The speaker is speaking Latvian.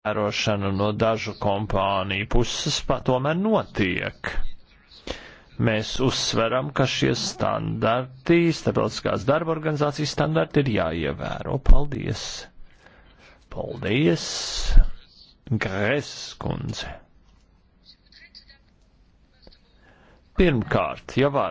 ievērošana no dažu kompāniju puses tomēr notiek. Mēs uzsveram, ka šie standarti, starptautiskās darba organizācijas standarti ir jāievēro. Paldies! Paldies, Grēs kundze! Pirmkārt, ja var,